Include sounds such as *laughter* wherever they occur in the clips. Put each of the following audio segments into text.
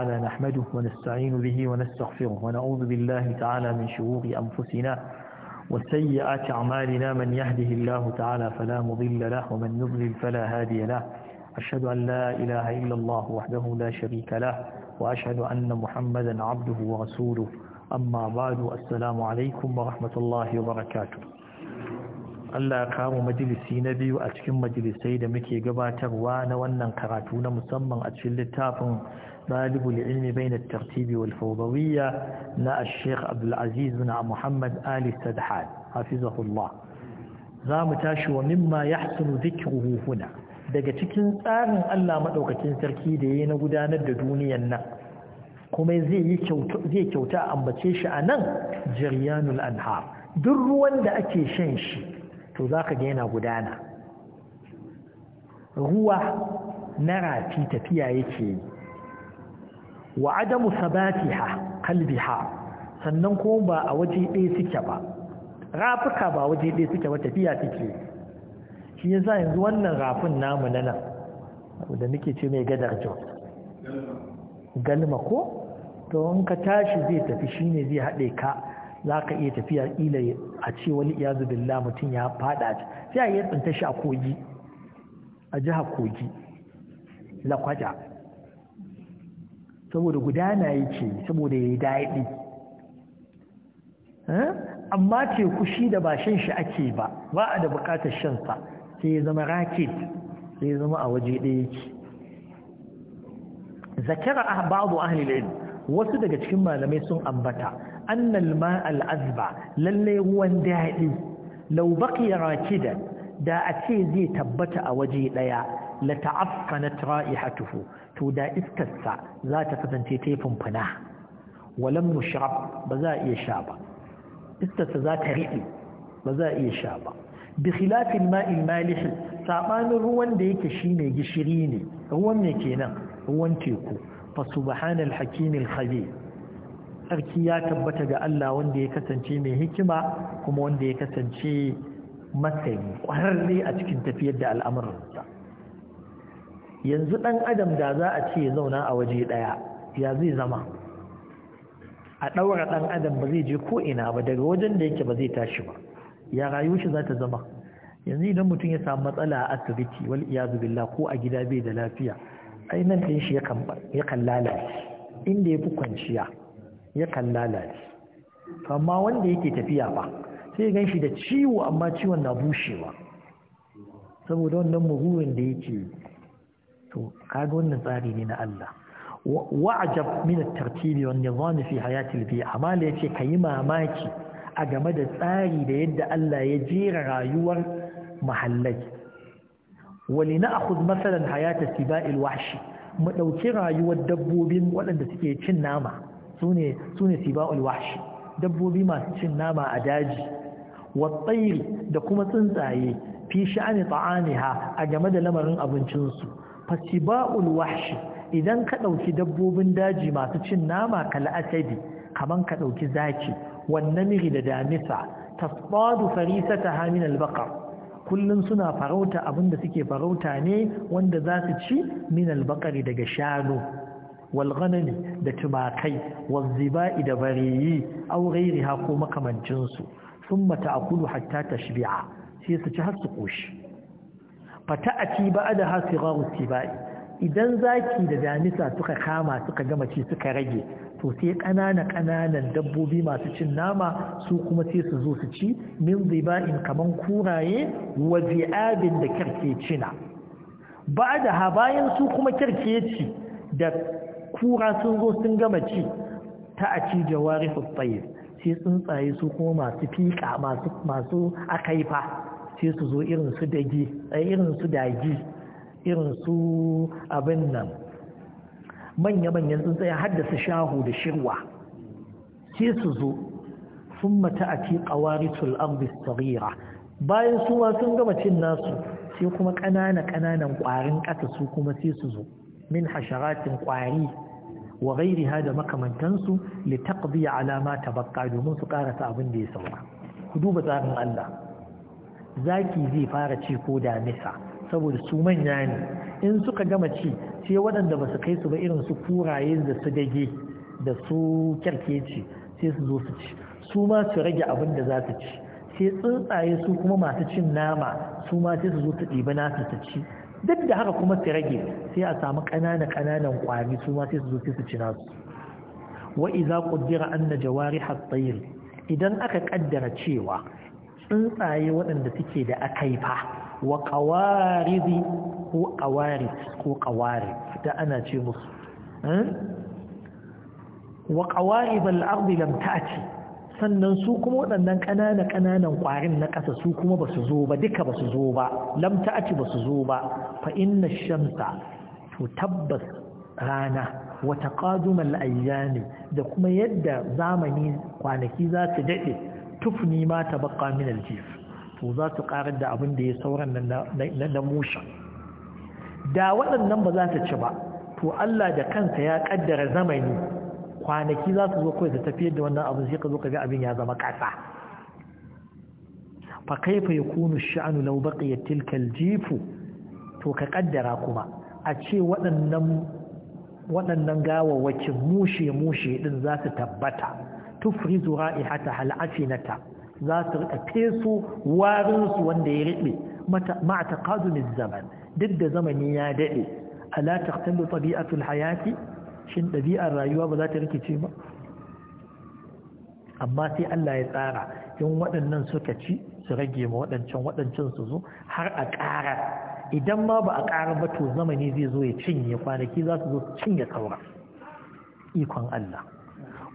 على نحمده ونستعين به ونستغفره ونعوذ بالله تعالى من شرور أنفسنا وسيئات أعمالنا من يهده الله تعالى فلا مضل له ومن يضلل فلا هادي له أشهد أن لا إله إلا الله وحده لا شريك له وأشهد أن محمدا عبده ورسوله أما بعد السلام عليكم ورحمة الله وبركاته Allah ya kawo majalisi na biyu a cikin majalisai da muke gabatarwa na wannan karatu na musamman a cikin littafin ɗalibul ilmi bai na tartibi wal fawdawiyya na Sheikh Abdul Aziz bin Muhammad Ali Sadhad hafizahullah za mu tashi wa mimma yahsunu dhikruhu huna daga cikin tsarin Allah maɗaukacin sarki da yayi na gudanar da duniyar nan kuma zai kyauta ambace shi anan nan jiryanul duk ruwan da ake shan shi to za ka gaina gudana ruwa na rafi tafiya yake yi wa adamu sabatiha kalbiha sannan ko ba a waje ɗaya suke ba rafuka ba waje ɗaya suke ba tafiya suke shi yasa yanzu wannan rafin namu na nan da nake ce mai gadar jos galma ko to in ka tashi zai tafi shi ne zai haɗe ka za ka iya tafiya ila a ce wani iyazu billah mutum ya fada sai a yi tsinta shi a kogi a jihar kogi lakwaja saboda gudana ya yake saboda ya yi daɗi eh? amma teku shi da ba shan shi ake ba ba a da bukatar shansa sai ya zama raket sai ya zama a waje ɗaya yake zakara ba'adu ahlil ilm wasu daga cikin malamai sun ambata أن الماء الأذبع للي هو دائي لو بقي راكدا دا أتي زي تبت أوجي ليا لتعفنت رائحته تو دا إسكسع ذات قسنتي تيفن فناه ولم يشرب بزا يشابا إسكسع ذات رئي بزا يشابا بخلاف الماء المالح سامان روان ديك شيني جشريني روان ميكينا روان تيكو فسبحان الحكيم الخبير tsarki ya tabbata ga Allah wanda ya kasance mai hikima kuma wanda ya kasance matsayi ƙwararre a cikin tafiyar da al'amuransa yanzu ɗan adam da za a ce zauna a waje ɗaya ya zai zama a ɗaura ɗan adam ba zai je ko ina ba daga wajen da yake ba zai tashi ba ya rayu shi za ta zama yanzu idan mutum ya samu matsala a asibiti wal iyazu billah ko a gida bai da lafiya ai nan ɗin shi ya kan lalace inda ya fi kwanciya yakan lalace amma wanda yake tafiya ba sai gan shi da ciwo amma ciwon na bushewa saboda wannan muguwan da yake to kaga wannan tsari ne na Allah wa'ajab min at-tartibi wan nizam fi hayati al-bi' amal yace kayi mamaki a game da tsari da yadda Allah ya jera rayuwar mahallai wali na'khudh masalan hayat as-sibai al-wahshi mu ɗauki rayuwar dabbobin waɗanda suke cin nama sune sune siba'ul wahshi dabbobi masu cin nama a daji wattayil da kuma tsuntsaye fi sha'ani a game da lamarin abincinsu siba’ul wahshi idan ka ɗauki dabbobin daji masu cin nama Asadi kaman ka ɗauki zaki wannan miri da damisa tasbadu farisata hamin albaqar kullum suna farauta abinda suke farauta ne wanda za su ci min albaqari daga shanu walganani da tumakai wazziba'i da bariyi aw ghairiha ko makamancin su thumma ta'kulu hatta tashbi'a sai su ci har su koshi fata'ati ba'daha sigharu tibai idan zaki da damisa suka kama suka gama ci suka rage to sai kanana kananan dabbobi masu cin nama su kuma sai su zo su ci min ziba'in kaman kuraye wa da kirke ba da ha bayan su kuma kirke da kura sun zo sun gama ci ta a ci jawari tsaye sai tsuntsaye su kuma masu fiƙa masu masu akaifa sai su zo irin su dage eh, irin su dagi irin su abin nan manya-manyan tsuntsaye haddasa shahu da shirwa sai su zo sun mata a ci sul arbis tsarira bayan su ma sun gama cin nasu sai kuma ƙanana-ƙananan ƙwarin ƙasa su kuma sai su zo min hasharatin ƙwari wa gairiha da makamantansu li taqdi ala ma baka domin su karasa abin da ya saura ku duba tsarin Allah zaki zai fara ci ko da nisa saboda su manya ne in suka gama ci sai waɗanda ba su kai su ba irin su kuraye da su dage da su kyarkeci sai su zo su ci su ma su rage abin da za su ci sai tsuntsaye su kuma masu cin nama su ma sai su zo su ɗiba nasu su ci duk da haka kuma su rage sai a samu ƙanana ƙananan ƙwari su ma sai su zo sai su cina su wa iza qaddara anna jawarih at-tayr idan aka kaddara cewa tsuntsaye waɗanda suke da akaifa wa qawaridi ko qawarid ko qawari da ana ce musu eh? wa qawarib al-ard lam ta'ti sannan su kuma waɗannan ƙanana ƙananan ƙwarin na ƙasa su kuma ba su zo ba duka ba su zo ba lamta aci ba su zo ba fa inna shamsa to tabbas rana wata la'ayya ne da kuma yadda zamani kwanaki za su daɗe tufni ma ta baƙa min aljif to za su ƙarar da abin da ya sauran na musha da waɗannan ba za ta ci ba to Allah da kansa ya ƙaddara zamani kwanaki za su zo kawai da tafiyar da wannan abin sai ka zo ka ga abin ya zama ƙasa fa kaifa yakunu sha'nu law baqiya tilka aljifu to ka kaddara kuma a ce waɗannan waɗannan gawawwakin mushe mushe din za su tabbata tufrizu ra'ihata halafinata za su rika feso warin su wanda ya riɓe ma'a taqadumiz zaman duk da zamani ya dade ala taqtalu tabi'atul hayati shin ɗabi'ar rayuwa ba za ta rikice ba amma sai Allah ya tsara Yin waɗannan suka ci su rage ma waɗancan waɗancan su zo har a ƙara idan ma ba a ƙara ba to zamani zai zo ya cinye kwanaki za su zo su cinye saura ikon Allah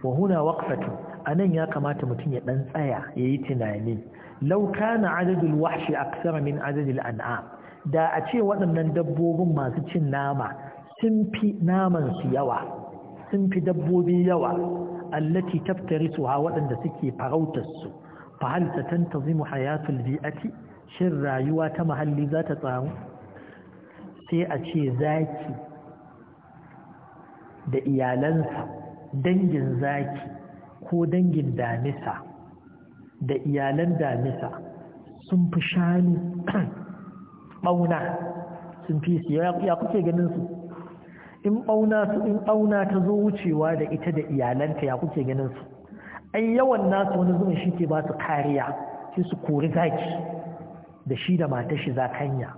wa huna waqfatu anan ya kamata mutum ya dan tsaya yayi tunani law kana adadul wahshi aksara min adadil an'am da a ce waɗannan dabbobin masu cin nama sun fi namansu yawa sun fi dabbobi yawa allati taftarisuha waɗanda suke farautarsu fa hal tatantazimu hayatul bi'ati shin rayuwa ta muhalli za ta tsamu sai a ce zaki da iyalansa dangin zaki ko dangin damisa da iyalan damisa sun fi shanu *clears throat* ɓauna sun fi su ya kuke ganin su in ɓauna su in ɓauna ta zo wucewa da ita da iyalanta ya kuke ganin su ai yawan nasu wani zuwan shi ke ba su kariya sai su kori zaki da shi da mata shi zakanya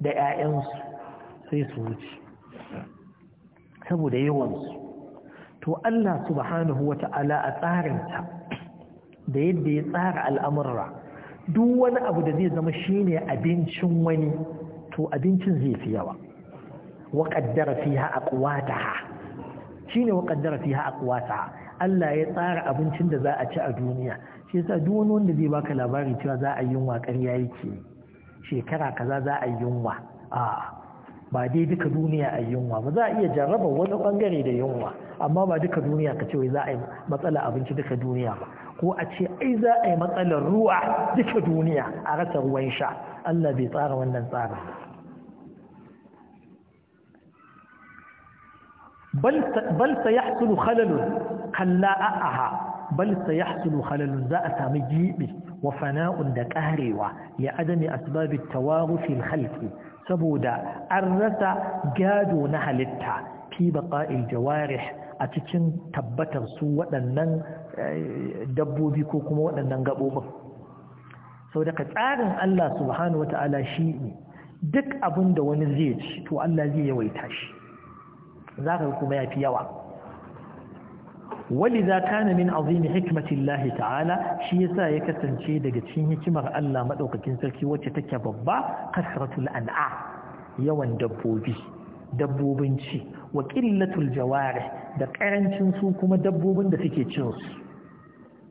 da 'ya'yansu sai su wuce saboda yawansu to Allah subhanahu wa ta'ala a ta da yadda ya tsara al'amurra duk wani abu da zai zama shine abincin wani to abincin zai fi yawa wa qaddara fiha a shine wa Allah ya tsara abincin da za a ci a duniya shi yasa duk wani wanda zai baka labari cewa za a yi yunwa ƙarya yake shekara kaza za a yi yunwa a ba dai duka duniya a yunwa ba za a iya jarraba wani bangare da yunwa amma ba duka duniya ka ce wai za a yi matsala abinci duka duniya ba ko a ce ai za a yi matsalar ruwa duka duniya a rasa ruwan sha Allah bai tsara wannan tsarin bal sa ya hasulu khalalun kalla aha bal sa ya hasulu khalalun za a sami jibi wa fana'un da ƙarewa ya adami asibabin tawarufin halki saboda an rasa gado na halitta fi jawarih a cikin tabbatar su waɗannan dabbobi ko kuma waɗannan gaɓoɓin sau daga tsarin Allah subhanahu wa ta'ala shi ne duk abin da wani zai ci to Allah zai yawaita shi za ka kuma ya fi yawa Wani za kana min azimi hikmatillahi ta'ala shi yasa ya kasance daga cikin hikimar Allah madaukakin sarki wacce take babba kasratul an'a yawan dabbobi dabbobin ci wa qillatul da karancin su kuma dabbobin da suke cin su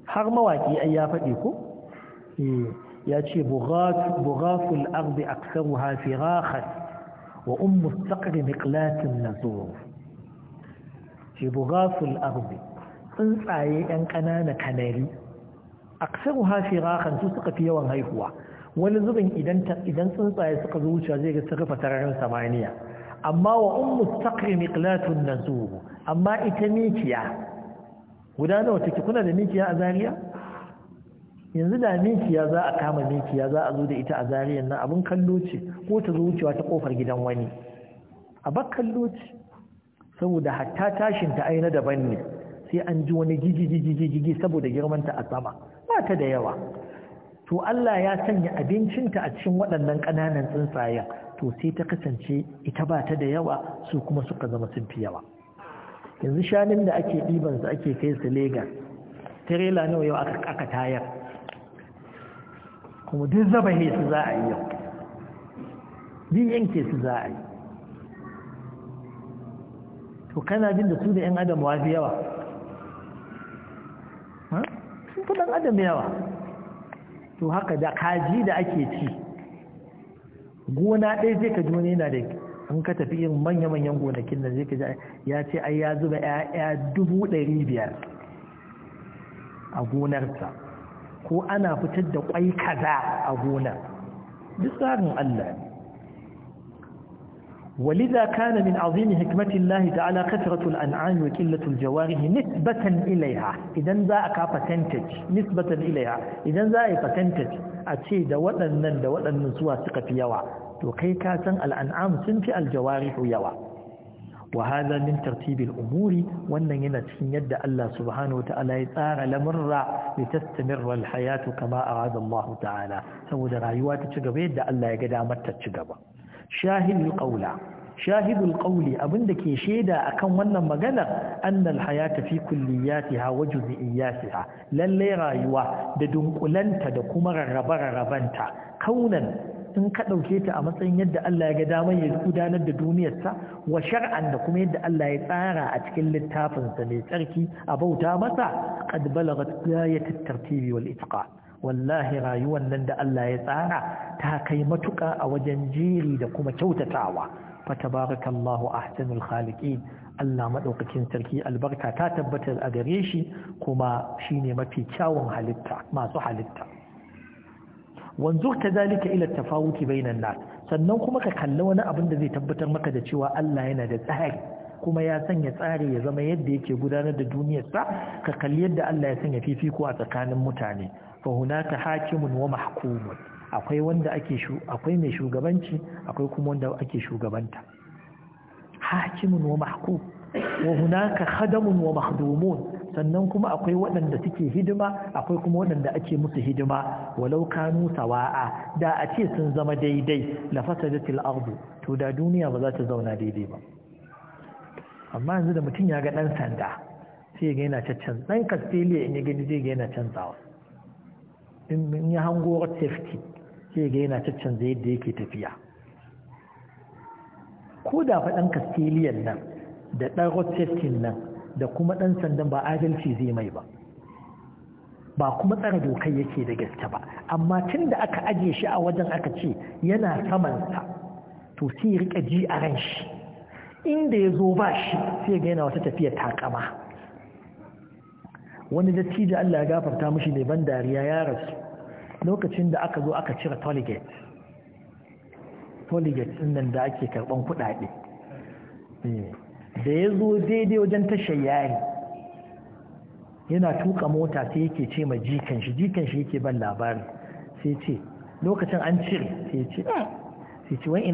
har mawaƙi ai ya faɗi ko eh ya ce bughatul ardi ha firahan wa ummu saqri miqlatin nazur ce bugasul arzi tsuntsaye yan ƙanana kanari aksaru hafi rakan su suka fi yawan haihuwa wani zubin idan tsuntsaye suka zo wucewa zai ga rufe tararin samaniya amma wa ummu taqri miqlatun nazuru amma ita mikiya guda nawa take kuna da mikiya a Zariya? yanzu da mikiya za a kama mikiya za a zo da ita a Zariya nan abin kalloci ko ta zo ta kofar gidan wani a bak kallo saboda hatta tashin ta aina daban ne sai an ji wani gigi saboda girman ta a sama ba ta da yawa to Allah ya sanya abincinta a cikin waɗannan ƙananan tsuntsayen to sai ta kasance ita ba ta da yawa su kuma suka zama sun fi yawa yanzu shanun da ake ɗiban su ake kai su Legas tirela nawa yau aka tayar kuma duk zaba ne su za a yi yau duk yanke su za a yi to kana jin da su da 'yan adam wa fi yawa sun fi ɗan adam yawa to haka da kaji da ake ci gona ɗaya zai ka ji wani yana da an ka tafi yin manya-manyan gonakin da zai ka ya ce ai ya zuba 'ya'ya dubu ɗari biyar a gonarsa ko ana fitar da kwai kaza a gonar duk tsarin Allah ne ولذا كان من عظيم حكمة الله تعالى كثرة الأنعام وكلة الجوارح نسبة إليها إذا ذا أكا تنتج نسبة إليها إذا ذا تنتج أتي دوات النن دوات النسوة ثقة يوى وكي كاسن الأنعام سنف الجوارح يوى وهذا من ترتيب الأمور وأن ينتهي يد الله سبحانه وتعالى يتار لمرة لتستمر الحياة كما أراد الله تعالى سوى درايوات تشغبين دا الله يقدامت تشغبه shahidul qawla shahidul qawli abinda ke shaida akan wannan maganar annal hayata fi kulliyatiha wa juz'iyatiha lalle rayuwa da dunkulanta da kuma rarraba-rarrabanta kaunan in ka dauke ta a matsayin yadda Allah ya ga damar ya gudanar da duniyarta wa shar'an da kuma yadda Allah ya tsara a cikin littafinsa mai tsarki a bauta masa qad balagat gayat at-tartibi wal itqan wallahi rayuwar nan da Allah ya tsara ta kai matuƙa a wajen jiri da kuma kyautatawa fatabarakallahu ahsanul khaliqin Allah madaukakin sarki albarka ta tabbatar a gare shi kuma shine mafi kyawun halitta masu halitta wanzur kadalika ila tafawuki bainan nas sannan kuma ka kalli wani abin da zai tabbatar maka da cewa Allah yana da tsari kuma ya sanya tsari ya zama yadda yake gudanar da duniyarsa ka kalli yadda Allah ya sanya fifiko a tsakanin mutane fa hunaka hakimun wa mahkumun akwai wanda ake shu akwai mai shugabanci akwai kuma wanda ake shugabanta hakimun wa mahkum wa hunaka khadamun wa mahdumun sannan kuma akwai waɗanda suke hidima akwai kuma waɗanda ake musu hidima walau kanu sawa'a da a ce sun zama daidai la fasadatil ardu to da duniya ba za ta zauna daidai ba amma yanzu da mutum ya ga ɗan sanda sai ya gina cancan ɗan kastiliya in ya gani zai gina canzawa in ya hango road safety sai ya gina cancan zai yadda yake tafiya ko da fa ɗan kastiliyan nan da ɗan road safety nan da kuma ɗan sandan ba adalci zai mai ba ba kuma tsara dokai yake da gaske ba amma tun da aka ajiye shi a wajen aka ce yana samansa to sai rika ji a ran shi inda ya zo ba shi sai ga yana wata tafiya takama wani dattijo Allah ya gafarta mishi ne ban dariya ya rasu lokacin da aka zo aka cire tollgate tollgate din nan da ake karban kuɗaɗe eh, da ya zo daidai wajen tashar yari yana tuka mota sai yake ce ma jikan shi jikan shi yake ban labari sai ce lokacin an cire sai ce ah. sai ce wani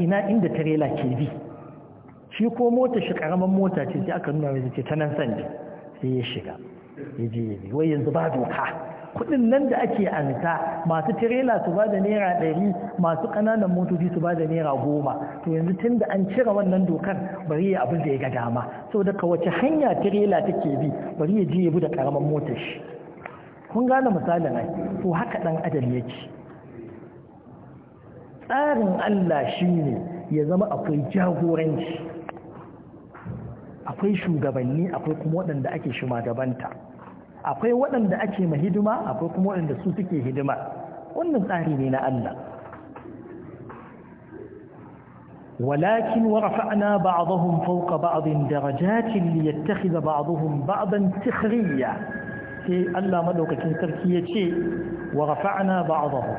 ina inda tarela ke bi shi ko mota shi karaman mota ce sai aka nuna mai ce ta nan sanda sai ya shiga ya je ya bi wai yanzu ba doka kudin nan da ake anta masu tirela su ba da naira ɗari masu ƙananan motoci su ba da naira goma to yanzu tun da an cire wannan dokar bari ya abin da ya ga dama so daga wace hanya tirela take bi bari ya je ya da ƙaramin motar shi kun gane misalin ai to haka ɗan adam yake tsarin Allah shi ne ya zama akwai jagoranci akwai shugabanni akwai kuma waɗanda ake shugabanta akwai waɗanda ake ma hidima akwai kuma waɗanda su suke hidima wannan tsari ne na Allah walakin warfa'na ba'dahum fawqa ba'din darajatin liyattakhidha ba'dahum ba'dan sikhriya sai Allah madaukakin sarki yace warfa'na ba'dahum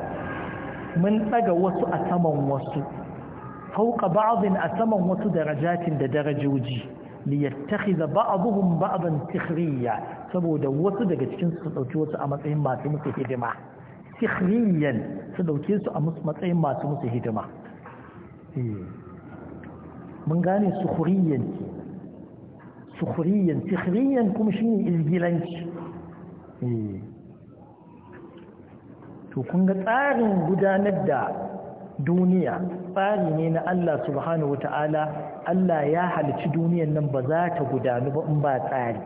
mun daga wasu a saman wasu fawqa ba'din a saman wasu darajatin da darajoji liyattakhidha ba'dhum ba'dan sikhriya saboda wasu daga cikin su dauki wasu a matsayin masu musu hidima sikhriyan su dauke su a matsayin masu musu hidima mun gane sukhriyan sukhriyan sikhriyan kuma shine izgilanci to kun ga tsarin gudanar da duniya tsari ne na Allah subhanahu wa ta'ala Allah ya halici duniyan nan ba za ta gudanu ba in ba tsari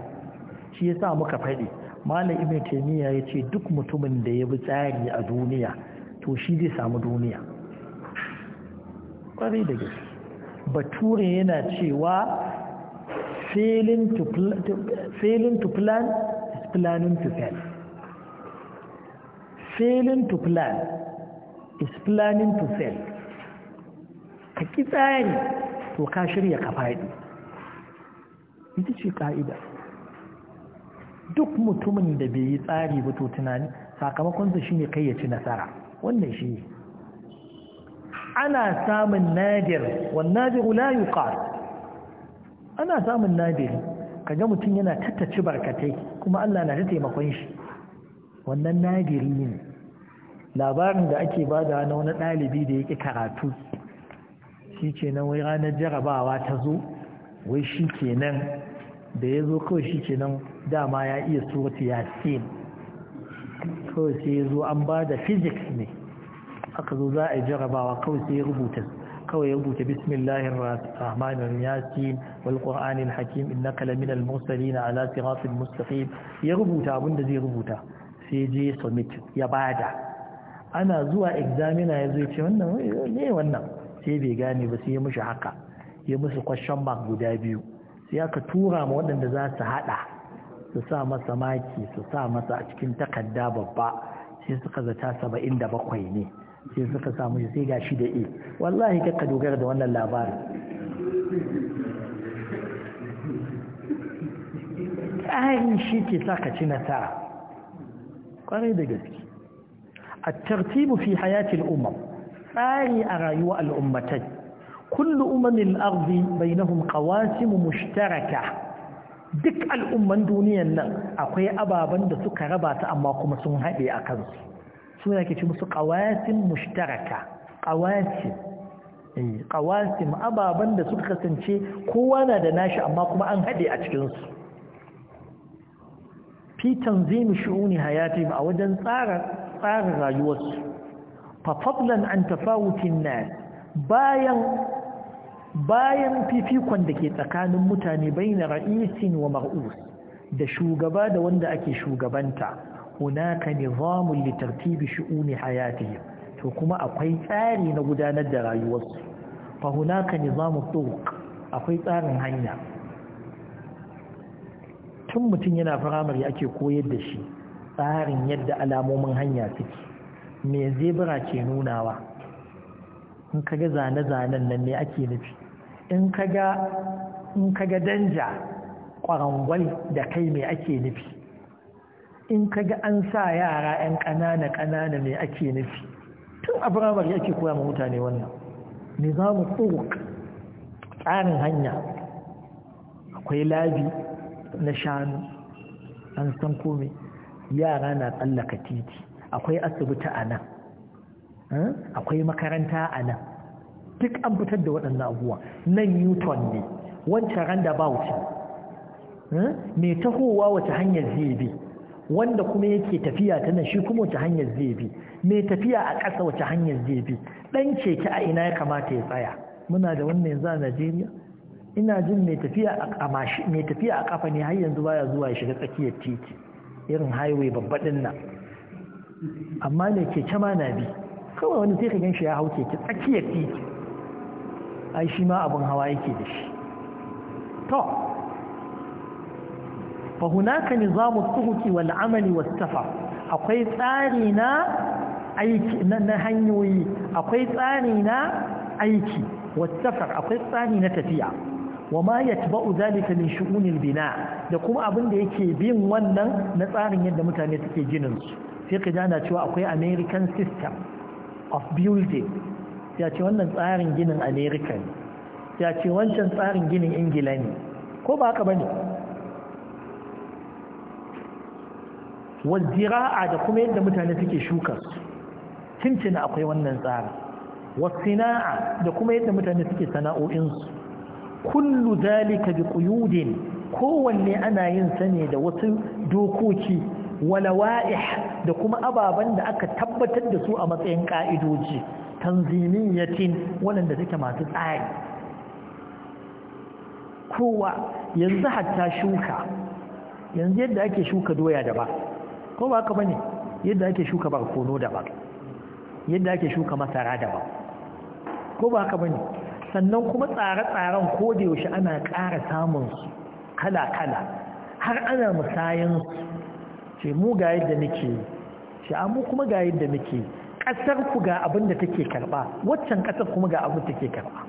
shi ya sa muka faɗi malam ibn taymiya ya ce duk mutumin da ya bi tsari a duniya to shi zai samu duniya ƙwarai da gaske bature yana cewa failing to, failing to plan is planning to fail failing to plan is planning to fail ka ki tsari to ka shirya ka faɗi ita ce ƙa'ida. duk mutumin da bai yi tsari ba to tunani sakamakonsa shine kai ya ci nasara wannan shi ana samun nadir nadir la yuqal ana samun nadir kaga mutum yana tattaci barkatai kuma Allah na ta taimakon shi wannan nadiri ne labarin da ake bada na wani ɗalibi da yake karatu shi ke nan wai ranar jarabawa ta zo wai shi ke nan da ya zo kawai shi ke nan dama ya iya ya yasin kawai sai ya zo an ba da physics ne aka zo za a yi jarabawa kawai sai ya rubuta kawai ya rubuta bismillahir rahmanir yasin wal qur'anil hakim innaka laminal mursalin ala siratil mustaqim ya rubuta abinda zai rubuta sai je submit ya bada ana zuwa examiner ya zai ce wannan ne wannan sai bai gane ba sai ya mushi haka ya musu question mark guda biyu sai aka tura ma waɗanda za su haɗa su sa masa maki su sa masa a cikin takarda babba sai suka zata saba'in da bakwai ne sai suka samu shi sai gashi da e wallahi kakka dogara da wannan labarin ƙari shi ke sa ka ci nasara kwarai da gaske A التغتيب في حياة tsari a أرايو al'ummatai, كل أمم الأرض بينهم قواسم مشتركة duk al’umman duniyan nan akwai ababen da suka raba amma kuma sun haɗe a kansu su ya ke ci musu ƙawasin mushtaraka ƙawasin ƙawasin ababen da suka kasance kowa na da nashi amma kuma an haɗe a cikinsu fitan zai mishi uni hayatim a wajen tsara tsarin rayuwarsu fafablan an tafawutin na bayan bayan fifikon da ke tsakanin mutane bai na ra'isin wa mar'us da shugaba da wanda ake shugabanta hunaka nizamun litartibi shi'uni hayatihim to kuma akwai tsari na gudanar da rayuwarsu fa hunaka nizamun turuq akwai tsarin hanya tun mutum yana firamare ake koyar da shi tsarin yadda alamomin hanya suke me zebra ke nunawa in kaga zane-zanen nan ne ake nufi in kaga in kaga danja ƙwarangwal da kai me ake nufi in kaga an sa yara 'yan ƙanana-ƙanana me ake nufi tun a firamare ake koya ma mutane wannan za mu turuk tsarin hanya akwai labi na shanu an san komai yara na tsallaka titi akwai asibiti a nan hmm? akwai makaranta a nan duk an fitar da waɗannan abubuwa nan newton ne wancan roundabout ne mai hmm? tahowa wata hanyar zai bi wanda kuma yake tafiya ta nan shi kuma wata hanyar zai bi mai tafiya a ƙasa wata hanyar zai bi ɗan keke a ina ya kamata ya tsaya muna da wannan yanzu a najeriya ina jin mai tafiya a ƙafa ne har yanzu baya zuwa ya shiga tsakiyar titi irin highway babbaɗin nan amma ne ke ma na bi kawai wani sai ka gan shi ya hau keke tsakiyar titi ai shi ma abin hawa yake da shi to fa hunaka nizamu tuhuki wal amali was akwai tsari na aiki na hanyoyi akwai tsari na aiki was akwai tsari na tafiya wa ma yatba'u zalika min shu'unil bina da kuma abin da yake bin wannan na tsarin yadda mutane suke ginin su sai ka jana cewa akwai American system of building ya ce wannan tsarin ginin America ne ya ce wancan tsarin ginin Ingila ne ko ba haka bane wazira'a da kuma yadda mutane suke shuka su tintina akwai wannan tsarin wasina'a da kuma yadda mutane suke sana'o'insu kullu zalika bi quyudin kowanne ana yin sa ne da wasu dokoki walawa'ih da kuma ababan da aka tabbatar da su a matsayin ka'idoji tanzimiyyatin waɗanda suke masu tsari kowa yanzu hatta shuka yanzu yadda ake shuka doya da ba ko ba ka bane yadda ake shuka barkono da ba yadda ake shuka masara da ba ko ba haka bane sannan kuma tsare-tsaren yaushe ana ƙara samunsu kala-kala har ana musayansu ce mu ga yadda muke, ce amma kuma ga yadda muke ƙasar ku ga abin da take karɓa waccan ƙasar kuma ga abin da take karɓa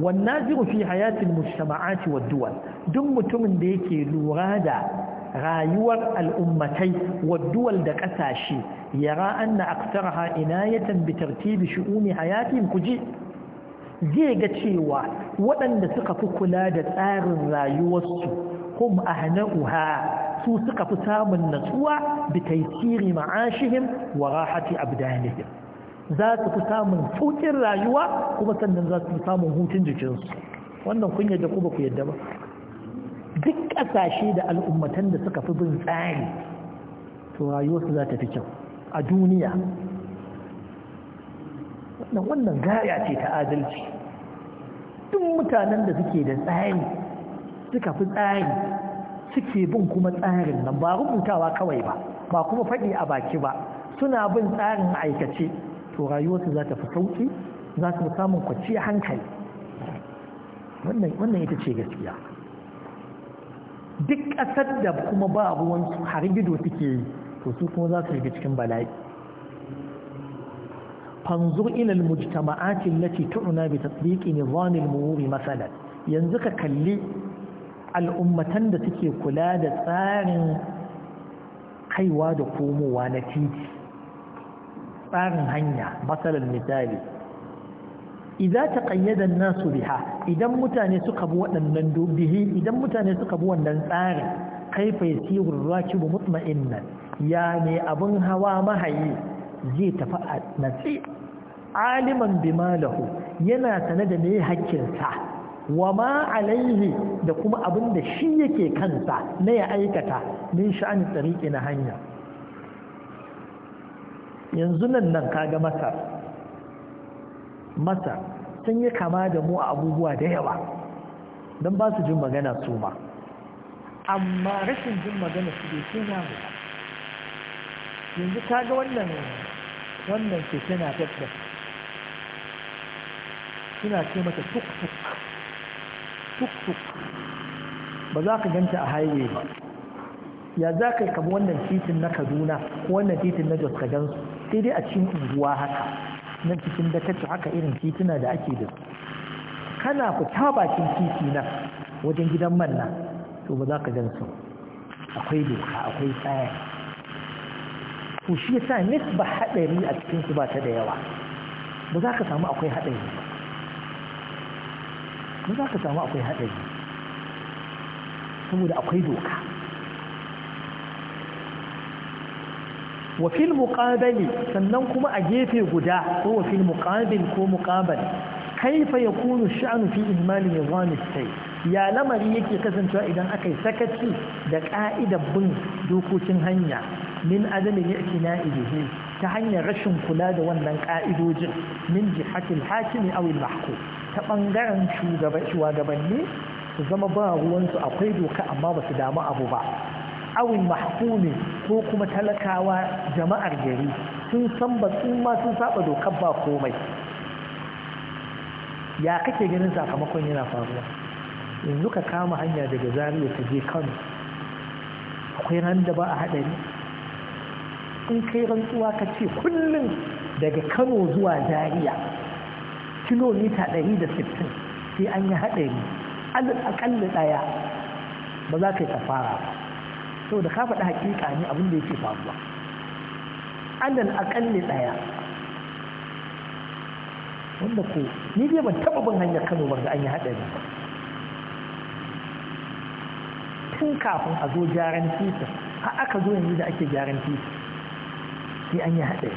wannan jiru fi hayatin mushama'ati wa duwal duk mutumin da yake lura da rayuwar al'ummatai wa duwal da ƙasashe yara anna ya inayatan bi tartibi shu'uni hayatin kuji zai ga cewa waɗanda suka fi kula da tsarin rayuwarsu hum ahna'uha su suka fi samun natsuwa bi taysiri ma'ashihim wa rahati abdanihim za su fi samun sauƙin rayuwa kuma sannan za su fi samun hutun jikinsu wannan kun yadda ko ku yadda ba duk ƙasashe da al'ummatan da suka fi bin tsari to rayuwarsu za ta fi kyau a duniya wannan wannan gaya ce ta adalci duk mutanen da suke da tsari suka fi tsari suke bin kuma tsarin nan ba rubutawa kawai ba ba kuma faɗi a baki ba suna bin tsarin aikace to rayuwarsu za ta fi sauƙi za su samun kwaciya hankali wannan ita ce gaskiya duk ƙasar da kuma ba ruwansu har gido suke yi to su kuma za su shiga cikin bala'i فانظر إلى المجتمعات التي تعنى بتطبيق نظام الأمور مثلا ينزك كلي الأمة تكي da ثار kaiwa da komowa na titi tsarin hanya matsalar misali idan ta ƙayyadar nasu biha idan mutane suka bi waɗannan bihi idan mutane suka bi wannan tsarin kai ya sihun mutma'innan ya ne abin hawa mahayi zai tafi a natsi aliman bi malahu yana sane da meye hakkinsa wa ma alaihi da kuma abin da shi yake kansa na ya aikata min sha'ani tsariƙi na hanya yanzu nan nan kaga masar masa sun yi kama da mu a abubuwa da yawa don ba su jin magana su ma amma rashin jin magana su bai suna mu yanzu kaga wannan wannan keke na tattara suna ce mata tuk-tuk tuk-tuk ba za ka ganta a highway ba ya za ka kama wannan titin na kaduna ko wannan titin na jos ka gansu sai dai a cikin unguwa haka nan cikin dakaci haka irin tituna da ake da kana fita bakin titi na wajen gidan manna to ba za ka gansu akwai doka akwai tsaya to shi yasa nisba hadari a cikin su ba ta da yawa ba za ka samu akwai hadari ba za ka samu akwai hadari saboda akwai doka wa fil sannan kuma a gefe guda ko wa fil ko muqabal kaifa yakunu sha'nu fi ihmal ya as-sayy ya lamari yake kasancewa idan aka yi sakaci da ka'idar bin dokokin hanya min adamin i'tina'i bihi ta hanyar rashin kula da wannan ka'idojin min jihatil hakimi aw al mahkum ta bangaren shugabanni su zama ba ruwansu akwai doka amma ba su damu abu ba awin mahkumi ko kuma talakawa jama'ar gari sun san ba ma sun saba dokar ba komai ya kake ganin sakamakon yana faruwa yanzu ka kama hanya daga zariya ta je kano akwai ran da ba a haɗari in kai rantsuwa ka ce kullum daga kano zuwa zariya kilomita 160 sai an yi haɗari alal akalli ɗaya ba za ka yi kafara ba saboda ka faɗi haƙiƙa ne abin da yake faruwa a akalli ɗaya wanda ko ni dai ban taɓa bin hanyar kano ba da an yi haɗari ba tun kafin a zo gyaran titin har aka zo yanzu da ake gyaran titin sai an yi haɗari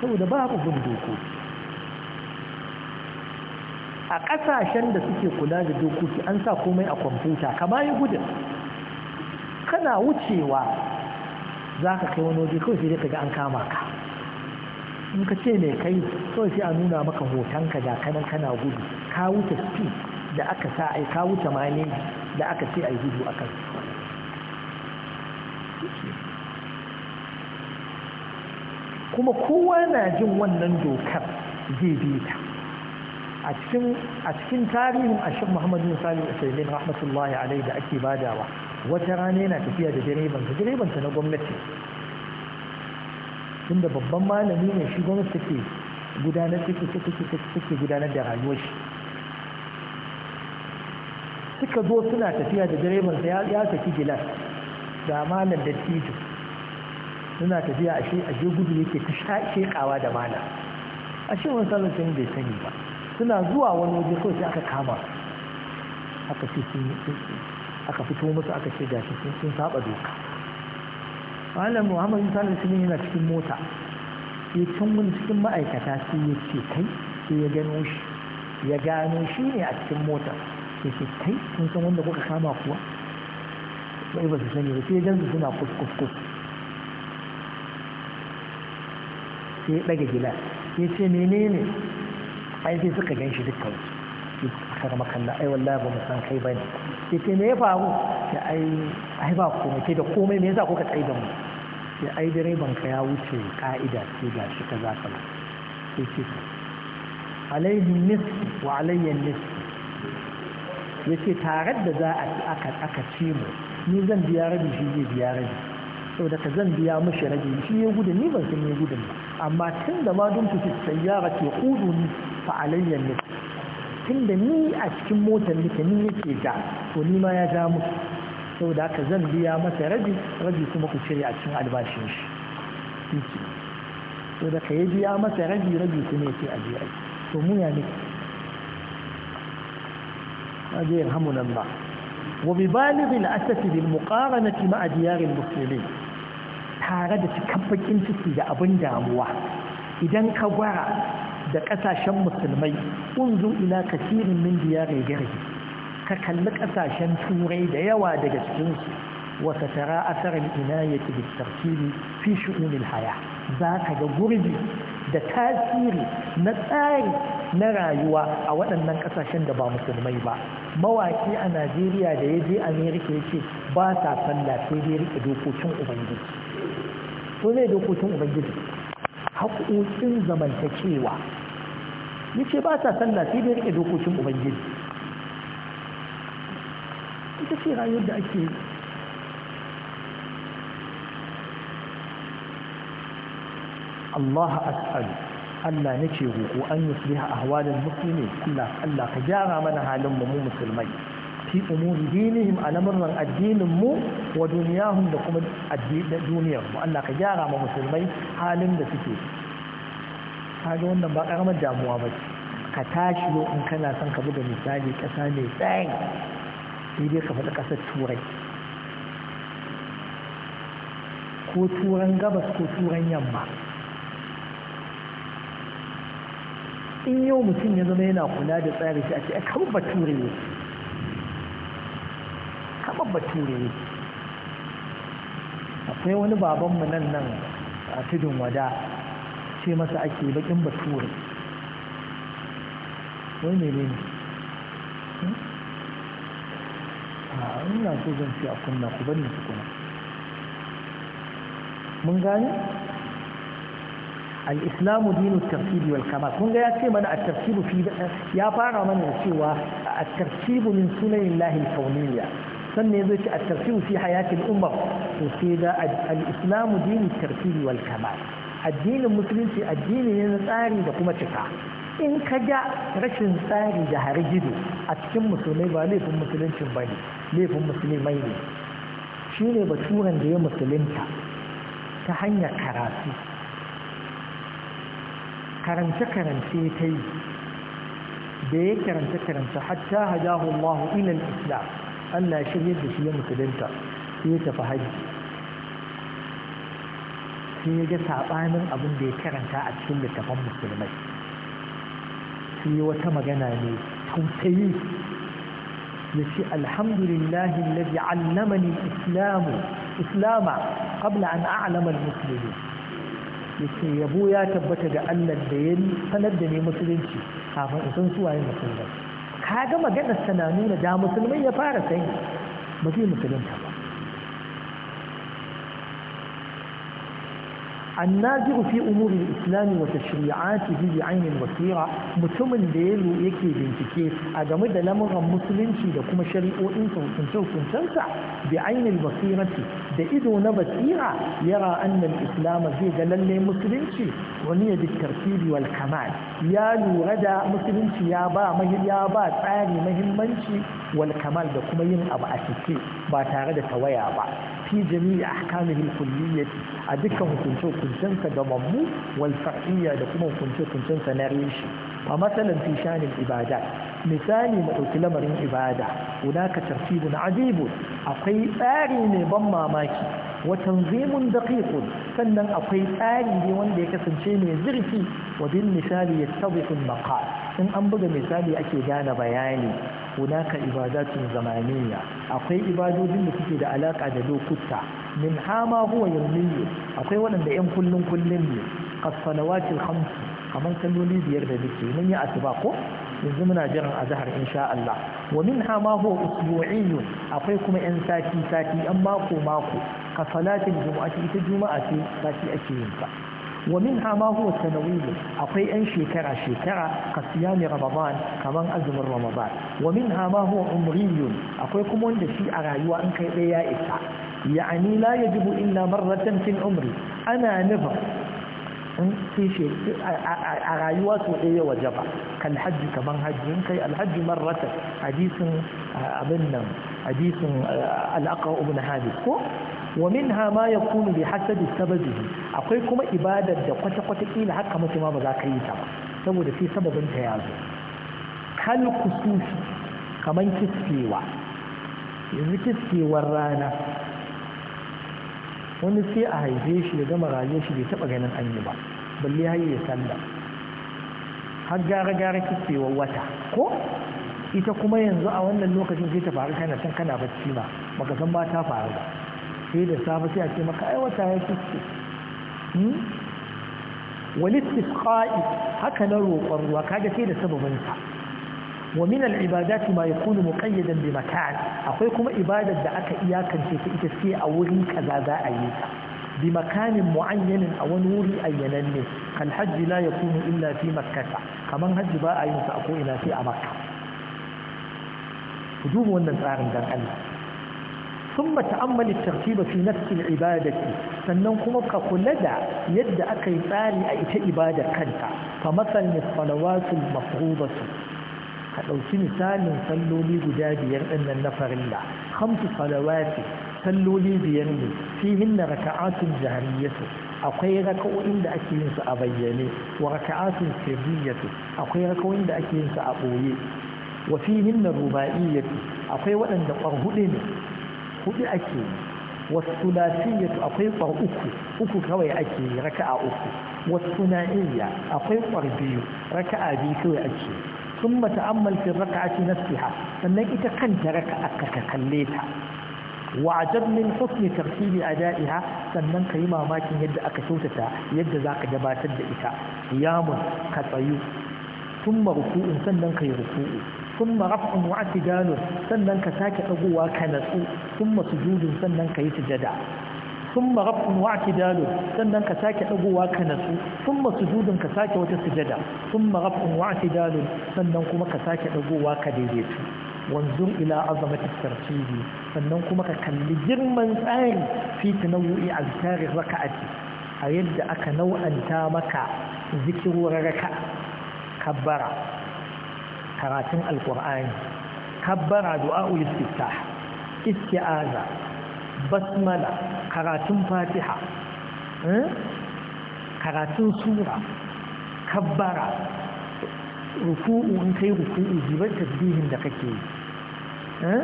saboda babu bin dokoki a ƙasashen da suke kula da dokoki an sa komai a kwamfuta kama yi gudun kana wucewa za ka kai wani waje kawai sai dai ga an kama ka in ka ce mai kai kawai sai a nuna maka hotonka da kanan kana gudu ka wuce speed da aka sa ai ka wuce mane da aka ce a yi gudu a kansu kuma kowa na jin wannan dokar zai bi ta a cikin tarihin ashir muhammad bin salim usaimin rahmatullahi alai da ake badawa wata rana yana tafiya da direbansa direbansa na gwamnati tunda babban malami ne shi gwamnati take gudanar take take gudanar da rayuwar shi suka zo suna tafiya da direbansa ya saki gilas da malam da suna tafiya a shi a je gudu yake ta shekawa da mana a shi wani salon sun bai sani ba suna zuwa wani waje kawai sai aka kama aka ce sun aka fito musu aka ce gashi sun sun saba doka malam muhammad yi salih sun yana cikin mota sai can wani cikin ma'aikata sai ya ce kai sai ya gano shi ya gano shi ne a cikin mota sai ce kai sun san wanda kuka kama kuwa ba su sani ba sai ya gansu suna kuskus sai ya ɗaga gila ya ce menene ai sai suka gan shi dukkan su kar makalla ai wallahi ba mu san kai bane ya ce me ya faru ya ai ai ba komai mace da komai me yasa kuka tsaye da mu ya ai direban ka ya wuce ka'ida sai ga shi kaza kaza sai ce alaihi nisf wa alayya nisf ya ce tare da za a aka ci mu ni zan biya rabi shi zai biya rabi saboda ka zan biya mashi rabi shi ya gudu ni ban san ya gudu ba amma tun da ma dumtu fi sayyara ke kuduni fa alayyan ne tun da ni a cikin motar nake ni yake ja to ni ma ya ja musu saboda haka zan biya masa rabi rabi kuma ku cire a cikin albashin shi to da ka yi biya masa rabi rabi kuma yake a jirai to mu ya ne أجير همنا الله وببالغ الأسف بالمقارنة مع ديار المسلمين tare da cikin bakin ciki da abin damuwa idan ka gwara da kasashen musulmai unzu ila kasirin min diyarai gari ka kalli kasashen turai da yawa daga cikinsu wata tara asarar inayyaki da tartibi fi shi'unin haya za ka ga gurbi da tasiri na tsari na rayuwa a waɗannan ƙasashen da ba musulmai ba mawaƙi a najeriya da ya je amerika ya ce ba sa sallah sai dai rike dokokin ubangiji to ne dokokin ubangiji haƙoƙin zamantakewa ce ba ta sallah sai dai rike dokokin ubangiji ita ce rayuwar da ake yi Allah as'alu Allah ce roƙo an a hawa da musulmi Allah ka gyara mana halin mu mu musulmai fi umuri dinihim a lamurran addinin mu wa duniyahum da kuma duniyar mu Allah ka gyara ma musulmai halin da suke kaga wannan ba karamar damuwa ba ka tashi yau in kana son ka buga misali kasa mai tsayin sai dai ka faɗi ƙasar turai ko turan gabas ko turan yamma in yau mutum ya zama yana kula da tsari shi a ce a bature taɓa bature yake akwai wani babanmu nan nan a tudun wada ce masa ake bakin bature wai ne ne hmm? a ah, ina so zan ci a kunna ku bani su kuma. mun gane الاسلام islamu dinu والكمال كون kamal kun ga ya ce mana at-tartibu fi ya fara mana cewa a tartibu sannan yazo ci a tartib fi hayatil ummah to sai da al-islam dinin tartib wal kamar. addinin musulunci addini ne na tsari da kuma cika in ka ga rashin tsari da hargido a cikin musulmai ba laifin musuluncin ba ne laifin musulmai ne shi ne baturan da ya musulunta ta hanyar karatu karance-karance ta yi da ya karance-karance hatta hadahu Allah ilal islam Allah ya shirya da shi ya musulunta sai ya tafi haji sai ya ga saɓanin abin da ya karanta a cikin littafan musulmai sai ya wata magana ne tausayi ya ce alhamdulillahi alladhi allamani islamu islama qabla an a'lama al-muslimin yace yabo ya tabbata ga Allah da ya sanar da ni musulunci kafin in san suwaye musulmai ka maganar sa na nuna da musulmai ya fara sai ba zai musulunta ba النازع في أمور الإسلام وتشريعاته بعين بصيرة متمن ديلو يكي بنتكي أدام دا لمغا مسلم شي دا كما شريعو إنسو كنتو كنتنسع بعين البصيرة دا إذو نبصيرة يرى أن الإسلام زي دلل مسلم شي ونية بالترتيب والكمال يا لوردا مسلم شي يا با مهل يا با تاني مهمنشي والكمال دا كما ين أبعثكي با تارد توايا با في جميع أحكامه الكلية أدكه كنشو كنشنسة دممو والفعلية لكم كنشو كنشنسة نريش فمثلا في شان العبادات مثالي مؤتلم من عبادة هناك ترتيب عجيب أقي آري ضم ماكي وتنظيم دقيق فلن أقي آري لون ليكسن شيء زرفي وبالمثال يتضح المقال in an buga misali ake gane bayani hunaka ibadatun zamaniya akwai ibadodin da suke da alaka da lokuta min hama huwa yawmiyyu akwai waɗanda yan kullun kullun ne as-salawatil khams kamar biyar da duke mun yi asuba ko yanzu muna jiran azhar insha Allah wa min hama huwa usbu'iyyun akwai kuma yan sati sati an mako mako ka jumu'ati ita juma'a ce sati ake yin ta wa min ma huwa sanawiyu akwai yan shekara shekara ka siyami ramadan kaman azumin ramadan wa min ma huwa umriyun akwai kuma wanda shi a rayuwa in kai ɗaya ya isa ya'ani la yajibu illa marratan fil umri ana nufa hmm, a rayuwa su ɗaya waje ba kan hajji kamar hajji in kai alhajji marratan hadisin abin nan hadisin al'aqra ibn hadis ko wa minha ma kunu bi hasabi sababihi akwai kuma ibadar da kwata kwata kila haka mutum ma ba za ka yi ta saboda sai sababin ta ya zo kal kusufi kamar kiskewa yanzu kiskewar rana wani sai a haife shi ya gama rayuwar shi bai taɓa ganin an yi ba balle har ya sallah har gara gara kiskewar wata ko ita kuma yanzu a wannan lokacin sai ta faru kana san kana bacci ma baka san ba ta faru ba sai da safe sai a ce maka ai wata ya kiske hmm? walittisqa'i haka na roƙon ruwa kaga sai da sababin sa wa min al-ibadati ma yakunu muqayyadan bi makan akwai kuma ibadar da aka iyakance ta ita sai a wurin kaza za a yi ta bi makanin mu'ayyanin a wani wuri ayyananne kal hajji la yakunu illa fi makkah kaman hajji ba a yin sa a ko ina sai a makka ku duba wannan tsarin dan Allah ثم تأمل الترتيب في ibada العبادة sannan kuma ka kula da yadda aka yi tsari a ita ibadar kanta fa masalin salawatul mafrudatu ka ɗauki misalin salloli guda biyar ɗinnan na farilla hamsu salawati salloli biyar ne fihin na raka'atun jahariyatu akwai raka'o'in da ake yin su a bayyane wa raka'atun sirriyatu akwai raka'o'in da ake yin su a ɓoye wa fihin na rubaiyatu akwai waɗanda ƙwarhuɗe ne hudu ake yi wasu lafiya akwai kwar uku uku kawai ake yi raka uku wasu na'iya akwai kwar biyu raka'a biyu kawai ake yi sun mata ammalfin raka ake nasiha sannan ita kanta raka aka ka kalle ta wa a jamlin hukumin tarfili a da'iha sannan ka yi mamakin yadda aka kyautata yadda za ka gabatar da ita yamun ka tsayu Tumma maruku in sannan ka yi ruku'u sun marafin wa'afi gano sannan ka sake ɗaguwa ka natsu sun masu judin sannan ka yi sujada sun marafin wa'afi gano sannan ka sake ɗaguwa ka natsu sun masu judin ka sake wata sujada sun marafin wa'afi gano sannan kuma ka sake ɗaguwa ka daidaitu wanzun ila azamatin sarcini sannan kuma ka kalli girman tsarin fitin nau'i a tsarin raka'ati a yadda aka nau'anta maka zikin wurin raka'a kabbara karatun alkur'ani kabbara du'a'ul istiftah isti'aza basmala karatun fatiha eh? karatun sura kabbara ruku'u in kai ruku'u jibar tasbihin da kake yi eh?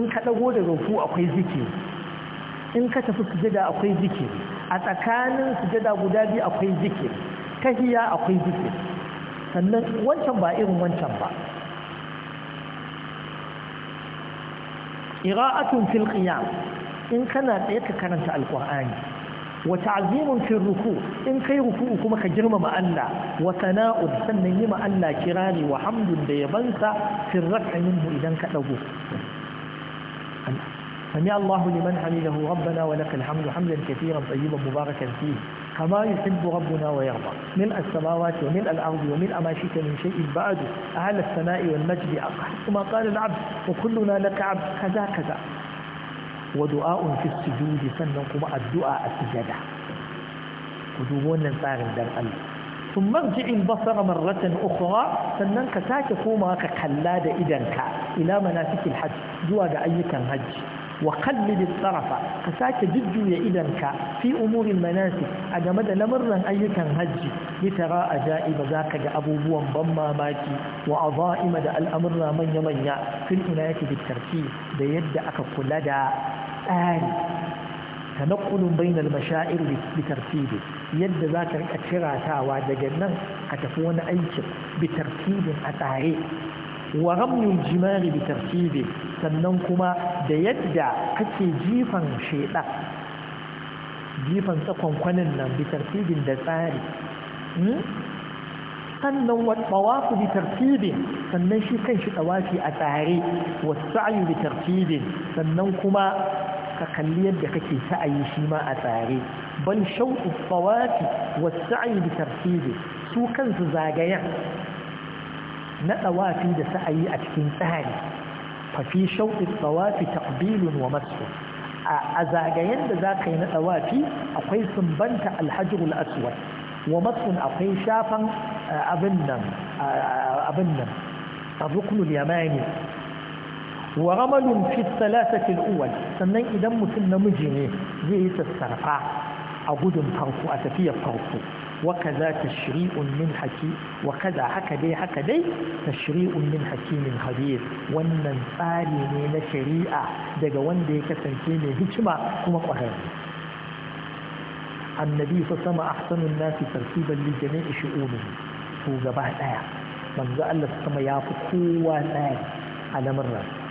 in ka dago da ruku akwai zikiri in ka tafi sujada akwai zikiri a tsakanin sujada guda biyu akwai zikiri tahiya akwai zikiri sannan wancan ba irin wancan ba ira'atun fil qiyam in kana tsaye ka karanta alqur'ani wa ta'zimun fil ruku in kai ruku kuma ka girmama Allah wa sana'u sannan yi ma Allah kirani wa hamdun da yabansa fil rak'ayin mu idan ka dago سمع الله لمن حمده ربنا ولك الحمد حمدا كثيرا طيبا مباركا فيه كما يحب ربنا ويرضى ملء السماوات وملء الأرض وملء ما شئت من شيء بعد أهل الثناء والمجد أقحت كما قال العبد وكلنا لك عبد كذا كذا ودعاء في السجود سنكم الدعاء السجدة قدومون نسار دم الله ثم ارجع البصر مرة أخرى سننك تاكفوما ككلا دا إذنك إلى مناسك الحج دعاء أيك الحج wa kallidin tsarafa ka sake jujjuya idanka fi umurin manasi a game da lamurran ayyukan hajji litara a ja'iba za ka ga abubuwan ban mamaki wa aza'ima da al'amurra manya-manya fil inayati bi tarti da yadda aka kula da tsari tanakkulun bainal mashaa'ir bi yadda za ka rika ciratawa daga nan ka tafi wani aikin bitartibin a tsare wa ramyul jimari bi tartibi sannan kuma da yadda kake jifan sheda jifan ta tsakonkwanin nan bi tartibin da tsari hmm? sannan wa tawafu bi tartibin sannan shi kan kanshi tawafi a tsare wasu sa'yu bi tartibin sannan kuma ka kalli yadda kake sa'ayi shi ma a tsare bal shau'u tawafi wasu sa'yu bi tartibi su kansu zagayen na tsawafi da sa'ayi a cikin tsari fafi shauƙi tsawafi taqbilun wa matsu. a zagayen da za ka yi na tsawafi akwai sumbanta alhajjul aswad wa masun akwai shafan abin nan abin nan yamani wa ramalun fi uwal sannan idan mutum namiji ne zai yi sassarfa a gudun farko a tafiyar farko وكذا تشريع من حكيم وكذا هكذا هكذا تشريع من حكيم خبير wannan tsari ne na shari'a daga wanda ya kasance mai hikima kuma ƙwararre annabi fa sama ahsanun nasi tartiban li jami'i shu'umihi to gaba daya manzo Allah sama yafi kowa tsaya a lamarin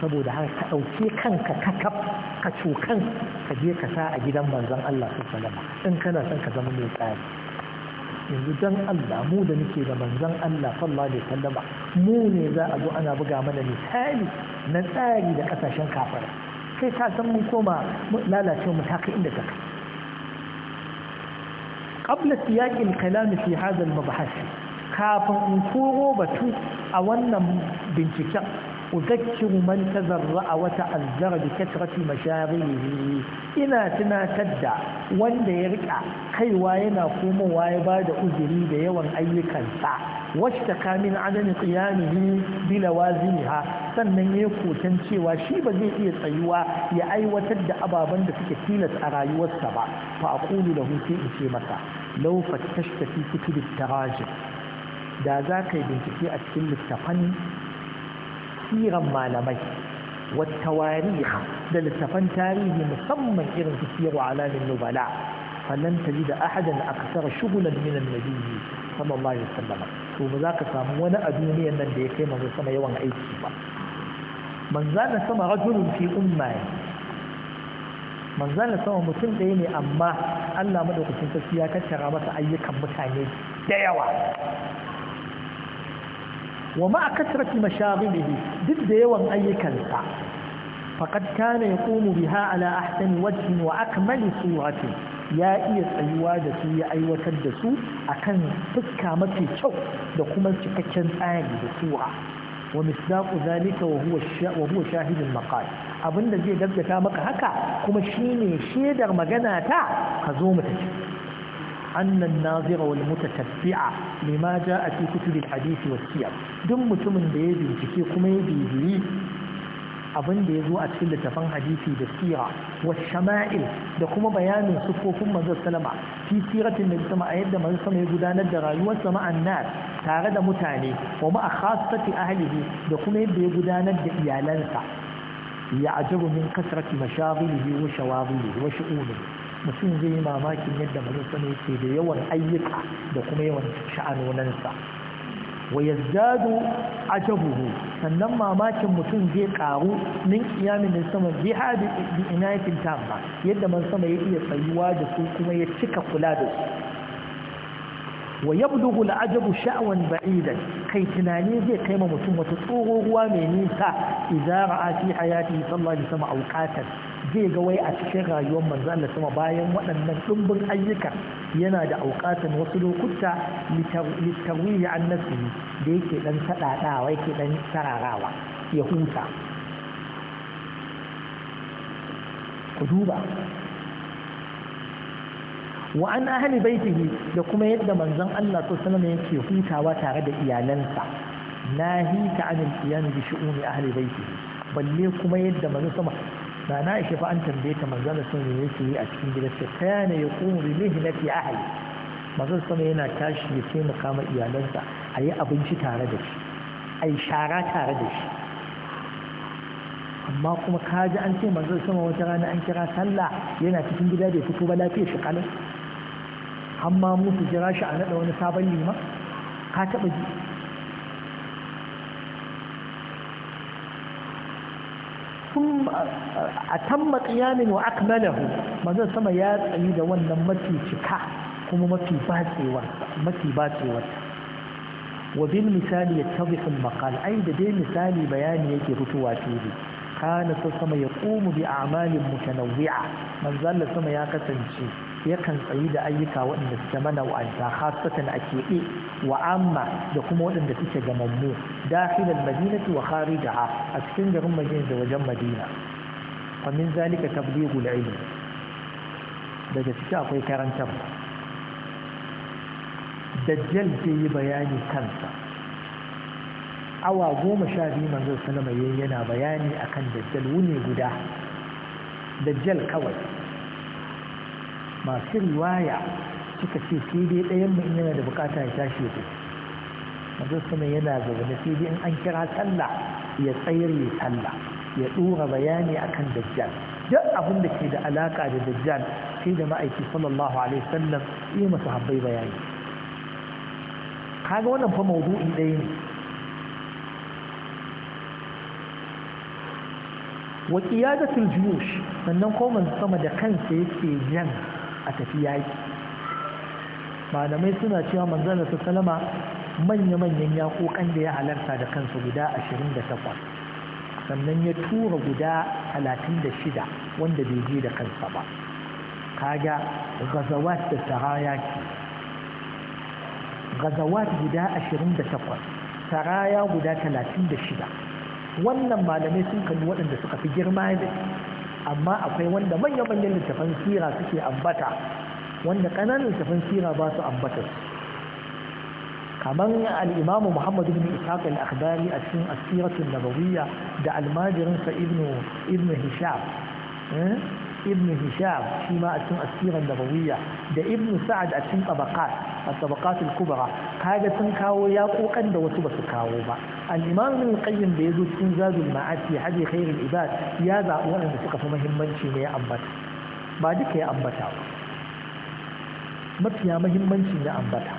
saboda haka ka ɗauke kanka ka kaf ka cokan ka je ka sa a gidan manzon Allah su salama in kana son ka zama mai tsari yanzu don Allah mu da muke da manzon Allah sallallahu alaihi sallama, mu ne za a zo ana buga mana misali na tsari da kasashen kafara Kai ka san mun koma lalace mu taka inda ta kai qabla siyaq al-kalam fi hadha al-mabhas kafin in koro batu a wannan binciken أذكر من تذرع وتعذر بكثرة مشاغله إنا تناتدع وان يركع كي واينا قوم وايباد أزري بيوان أي كنسع واشتكى من عدم قيامه بلوازمها sannan ya kocan cewa shi ba zai iya tsayuwa ya aiwatar da ababen da suke tilas a rayuwarsa ba fa Kulu da sai in ce masa law fattashta fi kutubit tarajim da za ka yi bincike a cikin littafan siran malamai والتواريخ ده للتفن تاريخ مصمم إذن تسير علام النبلاء فلن تجد أحدا أكثر شغلا من النبي صلى الله عليه وسلم ثم ذاك سامونا أدوني أن دي كيما وسما يوان أي سيما من زال سما رجل في أمه من زال سما متن ديني أما ألا مدوك سنتسيا كتر مسا أيكا متعني ديوا wa ma kasrati duk da yawan ayyukansa faqad kana yaqumu biha ala ahsani wajen wa akmali surati ya iya tsayuwa da su ya aiwatar da su akan fuska mafi kyau da kuma cikakken tsari da suwa wa misdaqu zalika wa huwa wa huwa abinda zai gaggata maka haka kuma shine shaidar magana ta ka zo mu tafi أن الناظر والمتتبع لما جاء في كتب الحديث والسير دم متمن بيبي تكي ya يبي abin da ya zo a cikin littafan hadisi da sira wa shama'il da kuma bayanin sufofin manzo sallama fi siratin nabi sama a yadda manzo sama ya gudanar da rayuwar sama annas tare da mutane wa ma khassati ahlihi da kuma yadda ya gudanar da iyalansa ya'jabu min kasrati mashaghilihi wa shawaghilihi wa shu'ulihi mutum zai yi mamakin yadda manzon ne ke da yawan ayyuka da kuma yawan sha'anonansa wa ajabu ajabuhu sannan mamakin mutum zai karu min kiyamin da sama jihadi bi inayatin tamma yadda man sama ya iya tsayuwa da su kuma ya cika kula da su sha'awan ba'idan kai tunani zai تناني زي قيمة متومة تطوغ ومنيسا إذا رأى في حياته صلى الله عليه sama أوقاتا zai ga wai a cikin rayuwar manzo Allah sama bayan waɗannan ɗumbin ayyuka yana da auƙatan wasu lokuta litarwiyi an nafsihi da yake dan sadadawa yake dan sararawa ya huta ku duba wa an ahli baitihi da kuma yadda manzon Allah sallallahu alaihi yake hutawa tare da iyalansa nahi ka anil qiyam bi shu'uni ahli baitihi balle kuma yadda manzon sama na na ishe fa an tambaye ta manzon sun ne yake yi a cikin gidan sa ya kuma bi mihnati ahli manzon sun yana tashi ya taimaka ma iyalansa a yi abinci tare da shi a yi shara tare da shi amma kuma kaji an ce manzon sama wata rana an kira sallah yana cikin gida bai fito ba lafiya shi kalin amma musu jira shi a naɗa wani sabon lima ka taɓa ji a tamma qiyamin wa akmalahu mazan sama ya tsayi da wannan mafi cika kuma mafi batsewa mafi batsewa wa bil misali yattadhihu al ai da dai misali bayani yake fitowa fili kana sama yaqumu bi a'malin mutanawwi'a manzon sama ya kasance yakan tsayi da ayyuka waɗanda suke mana wa'anta khasatan a keɓe wa amma da kuma waɗanda suke gamammu dakhilal madinatu wa da a cikin garin madina da wajen madina fa min zalika tablighul ilm daga ciki akwai karantar dajjal zai yi bayani kansa awa goma sha biyu manzo sallama yana bayani akan dajjal wuni guda dajjal kawai masu riwaya suka ce sai dai ɗayan mu yana da bukata ya tashi ya tafi manzo sama yana zaune sai dai in an kira sallah ya tsayar ya sallah ya dora bayani akan dajjal duk abin da ke da alaka da dajjal sai da ma'aiki sallallahu alaihi wasallam yi masa habbai bayani kaga wannan fa maudu'i ɗaya ne wa qiyadatul juyush sannan ko man sama da kansa yake jan a tafi yaki malamai suna cewa manzana su salama manya-manyan yakokan da ya halarta da kansu guda 28 sannan ya tura guda 36 wanda bai je da kansa ba kaga gazawat da saraya ke gazawat guda 28 saraya guda 36 wannan malamai sun kalli waɗanda suka fi girma da amma akwai wanda manya-manyan littafan sira suke ambata wanda kananan littafan sira ba su ambata kamar al'imamu muhammadu bin ishaq al a cikin asiratun nabawiyya da almajirinsa ibn hisham eh? ibn hisham shi ma a cikin asirar nabawiyya da ibn sa'ad a cikin tabaqat a tabaqat al-kubra kaga sun kawo yaƙoƙan da wasu basu kawo ba al-imam al-qayyim da yazo cikin zadul ma'ad fi hadi khair al-ibad ya zaɓi waɗanda suka fi muhimmanci ne ya ambata ba duka ya ambata ba mafiya muhimmanci ya ambata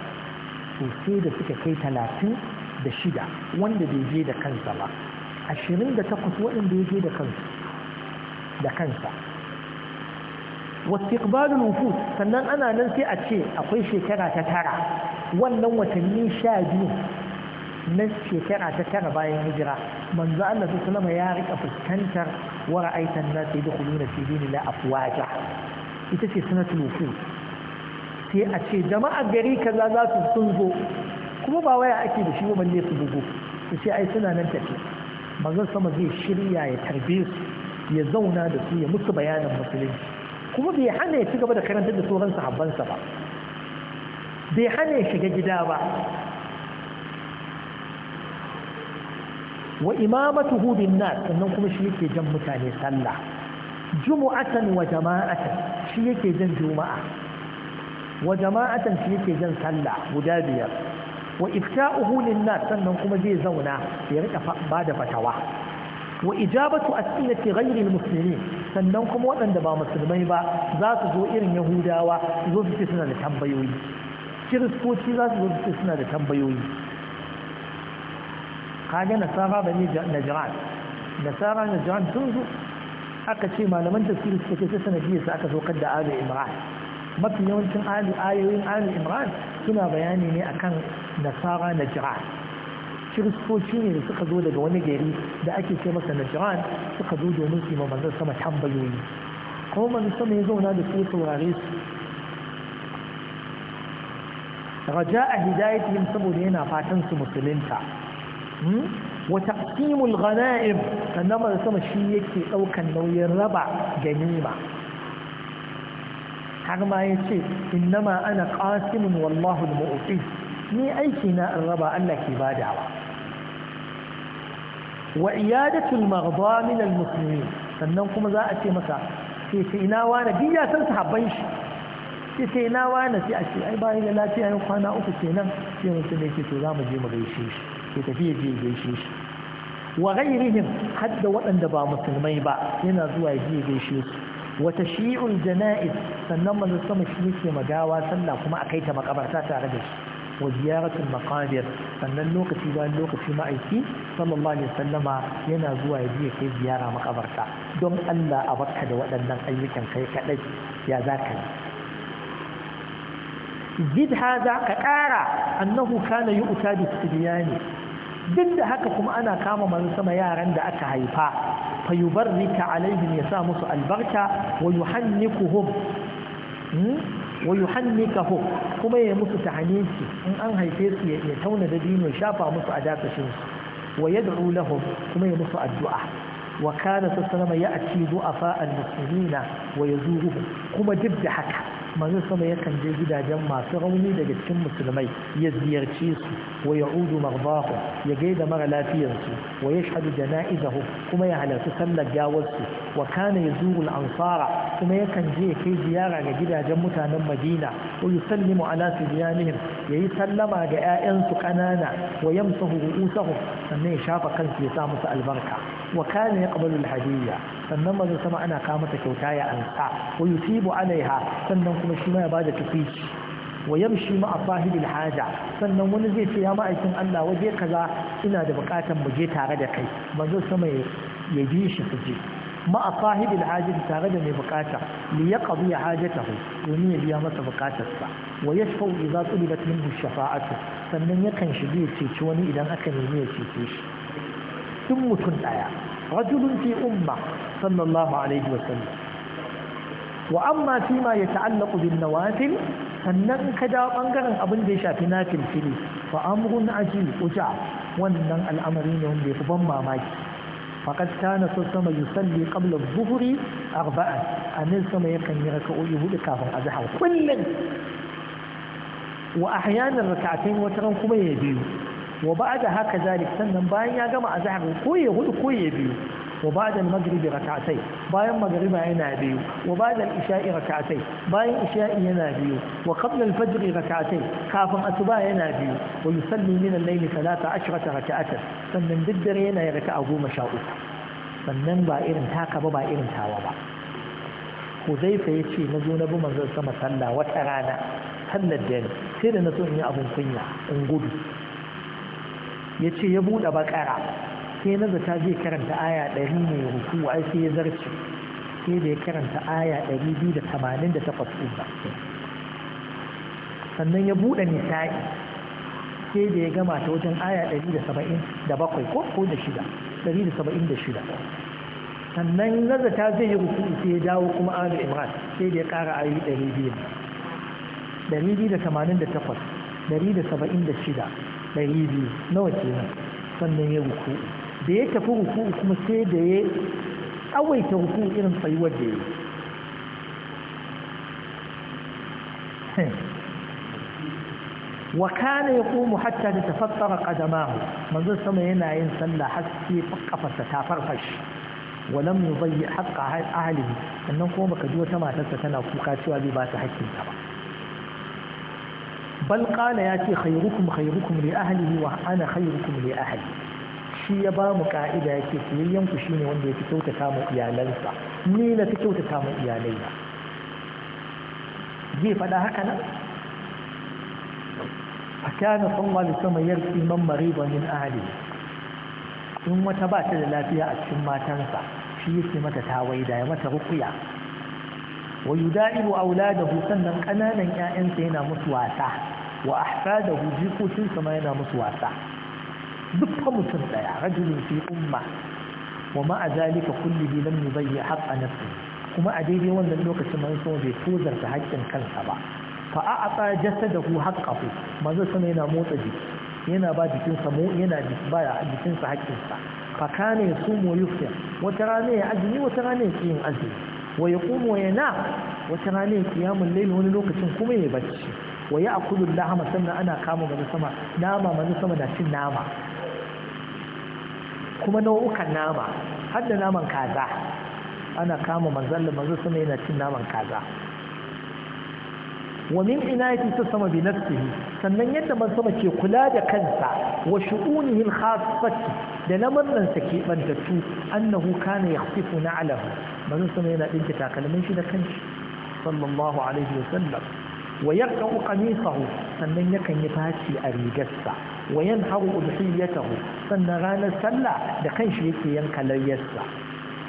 sosai da suka kai talatin da shida wanda bai je da kansa ba ashirin da takwas waɗanda ya je da da kansa wastiqbalul wufud sannan ana nan sai a ce akwai shekara ta tara wannan watanni sha biyu na shekara ta tara bayan hijira manzo Allah sallallahu ya rika fuskantar wa ra'aitan nas yadkhuluna fi dinillahi afwaja ita ce sanatul wufud sai a ce jama'a gari kaza za su sun zo kuma ba waya ake da shi ba balle su bugu su ce ai suna nan tafi manzon sama zai shirya ya tarbe su ya zauna da su ya musu bayanin musulunci kuma bai hana ya ci gaba da karanta da sauran sahabbansa ba bai hana ya shiga gida ba wa imamatuhu bin nas sannan kuma shi yake jan mutane sallah jumu'atan wa jama'atan shi yake jan juma'a wa jama'atan shi yake jan sallah guda biyar wa ifta'uhu lin nas sannan kuma zai zauna ya rika ba da fatawa wa ijabatu as'ilati ghairi Musulmi sannan kuma waɗanda ba musulmai ba za su zo irin yahudawa zo su ce suna da tambayoyi kiristoci za su zo su ce suna da tambayoyi kaga nasara na Jiran, nasara na Jiran sun zo aka ce malaman tafsiri suka ce ta sanadiyar sa aka saukar da ali imran mafi yawancin ayoyin ali imran suna bayani ne akan nasara na Jiran. kiristoci ne da suka zo daga wani gari da ake ce masa najran suka zo domin su yi manzon sama tambayoyi kuma manzon sama ya zauna da su saurare su raja a hidayatihim saboda yana fatan su musulunta hmm? wa taqsimul ghanaim sannan manzon sama shi yake daukan nauyin raba ganima har ma ya ce innama ana qasimun wallahu al-mu'ti ni aiki na in raba Allah ke badawa wa iyadatul maghda min al muslimin sannan kuma za a ce masa ce sai ina wani duk ya san sahabban shi ce sai ina wani sai a ce ai bayan da lafiya yau kwana uku kenan sai mutum da yake to za mu je mu gaishe shi ke tafi ya je gaishe shi wa ghairihim hadda waɗanda ba musulmai ba yana zuwa ya je gaishe su wa tashyi'ul janaiz sannan manzo sama shi yake magawa sallah kuma a kai ta makabarta tare da shi wa ziyaratul maqabir sannan lokaci bayan lokaci ma'aiki sallallahu alaihi wasallama yana zuwa ya je kai ziyara makabarta don Allah a barka da waɗannan ayyukan kai kadai ya zaka yi zid hada ka ƙara annahu kana yu'ta bi tibyani duk da haka kuma ana kama manzo sama yaran da aka haifa fa nika alaihim ya sa musu albarka wa yuhannikuhum hmm? wa yuhannikahu kuma ya musu tahaniki in an haife su ya tauna da dino shafa musu a dakashin su wa yad'u kuma ya musu addu'a wa kana sallama ya'ti a al-muslimina wa yazuruhum kuma duk da haka manzo sama yakan je gidajen masu rauni daga cikin musulmai ya ziyarci su wa udu marbahu ya gaida mara lafiyar su wa yashhadu janaizahu kuma ya halarci sallar gawar su wa kana yazuru al-ansara kuma yakan je ya kai ziyara ga gidajen mutanen Madina wa yusallimu ala ya yayi sallama ga ya'yansu ƙanana kanana wa yamsahu ru'usahum sannan ya shafa kansu ya sa musu albarka wa kana yaqbalu al-hadiyya sannan manzo sama ana kawo mata kyauta ya ansa wa yusibu alaiha sannan kuma shi ma ya bada tafici wa yamshi ma afahil haja sannan wani zai ce ya ma'aikin Allah waje kaza ina da bukatan mu je tare da kai manzo sama ya bi shi su ma afahil haja tare da mai bukata li yaqdi hajatahu domin ya biya masa bukatarsa wa yashfau idza tulibat minhu shafa'atu sannan yakan shige ceci wani idan aka nemi ya cece shi duk mutum daya rajulun fi umma sallallahu alaihi wasallam wa amma fi ma ya ta'allaku bin nawafil sannan ka da bangaren abin da ya shafi na filfili fa amrun aji uja wannan al'amari ne wanda ya fi ban mamaki faqad kana sallama yusalli qabla adh-dhuhri arba'an anil sama yakan yi raka'o'i hudu kafin azhar kullun wa ahyanan raka'atayn wataran kuma ya biyu wa ba'da haka zalik sannan bayan ya gama azhar ko ya hudu ko ya biyu wa ba'da al-maghrib rak'atay bayan magriba yana biyu wa ba'da al-isha'i rak'atay bayan isha'i yana biyu wa qabla al-fajr kafin asuba yana biyu wa yusalli min al-layli 13 rak'atan sannan duk dare yana a goma sha 13 sannan ba irin taka ba ba irin tawa ba Huzaifa ya ce na zo na bi manzon sama sallah wata rana sallar dare sai da na so in yi abun kunya in gudu ya ce ya buɗe bakara sai na zata zai karanta aya ɗari mai rufu ai sai ya zarce sai da ya karanta aya ɗari biyu da tamanin da takwas ɗin ba sannan ya buɗe nisa'i sai da ya gama ta wajen aya ɗari da saba'in da bakwai ko ko da shida ɗari da saba'in da shida sannan na zata zai yi hutu sai ya dawo kuma ala imran sai da ya ƙara ayi ɗari biyu ɗari biyu da tamanin da takwas ɗari da saba'in da shida ɗari biyu nawa kenan sannan ya rufu da ya tafi ruku kuma sai da ya tsawaita ruku irin tsayuwar da ya wa ya yaqumu hatta tatafattara qadamahu manzo sama yana yin sallah haske kafarsa ta farfashi wa lam yudayyi haqqa ahlihi sannan kuma baka ji wata matarsa tana kuka cewa bai ba ta hakkinta ba bal ya ce khayrukum khayrukum li ahlihi wa ana khayrukum li ahli shi ya ba mu ka'ida yake siyayyen ku shine wanda ya fi kyautata mu iyalansa ni na kyautata mu iyalai na zai faɗa haka nan a kyana sallallahu alaihi wasallam yar man mariba min ahli in wata ba ta da lafiya a cikin matansa shi yake mata tawaida ya mata rukuya wa yudaibu auladahu sannan kananan ƴaƴansa yana musu wasa wa ahfadahu jikokinsa ma yana musu wasa dukkan mutum daya rajulun fi umma wa ma a zalika kullihi lam yubayyi haqqa nafsi kuma a daidai wannan lokacin manzo sama bai tozarta haƙƙin kansa ba fa a ata jasadahu haqqahu manzo sama yana motsa jiki yana ba jikinsa mu yana ba jikinsa haƙƙinsa fa kana yasumu yuftir wata rana ya azumi wata rana ya yin azumi wa yaqumu wa yanam wata rana ya qiyamul layl wani lokacin kuma ya bacci wa ya akulu lahama sannan ana kama manzo sama nama manzo sama na cin nama kuma nau'ukan nama har da naman kaza ana kama manzalla yana cin naman kaza wa min inayati ta sama bi nafsihi sannan yadda man sama ke kula da kansa wa shu'unihi al-khassati da lamarin sa ke bantattu annahu kana yakhsifu na'lahu manzo suna yana dinki takalmin shi da kanshi sallallahu alaihi wa sallam wa yaqta'u qamisahu sannan yakan yi faci a rigarsa wa ya udhiyatahu sannan ranar sallah da kanshi yake yanka layyarsa